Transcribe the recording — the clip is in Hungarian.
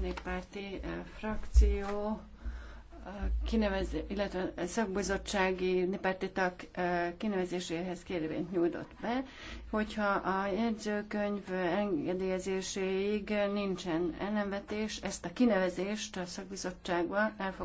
néppárti eh, frakció eh, kinevez, illetve szakbizottsági néppárti tag eh, kinevezéséhez kérvényt nyújtott be, hogyha a jegyzőkönyv engedélyezéséig nincsen ellenvetés, ezt a kinevezést a szakbizottságban elfog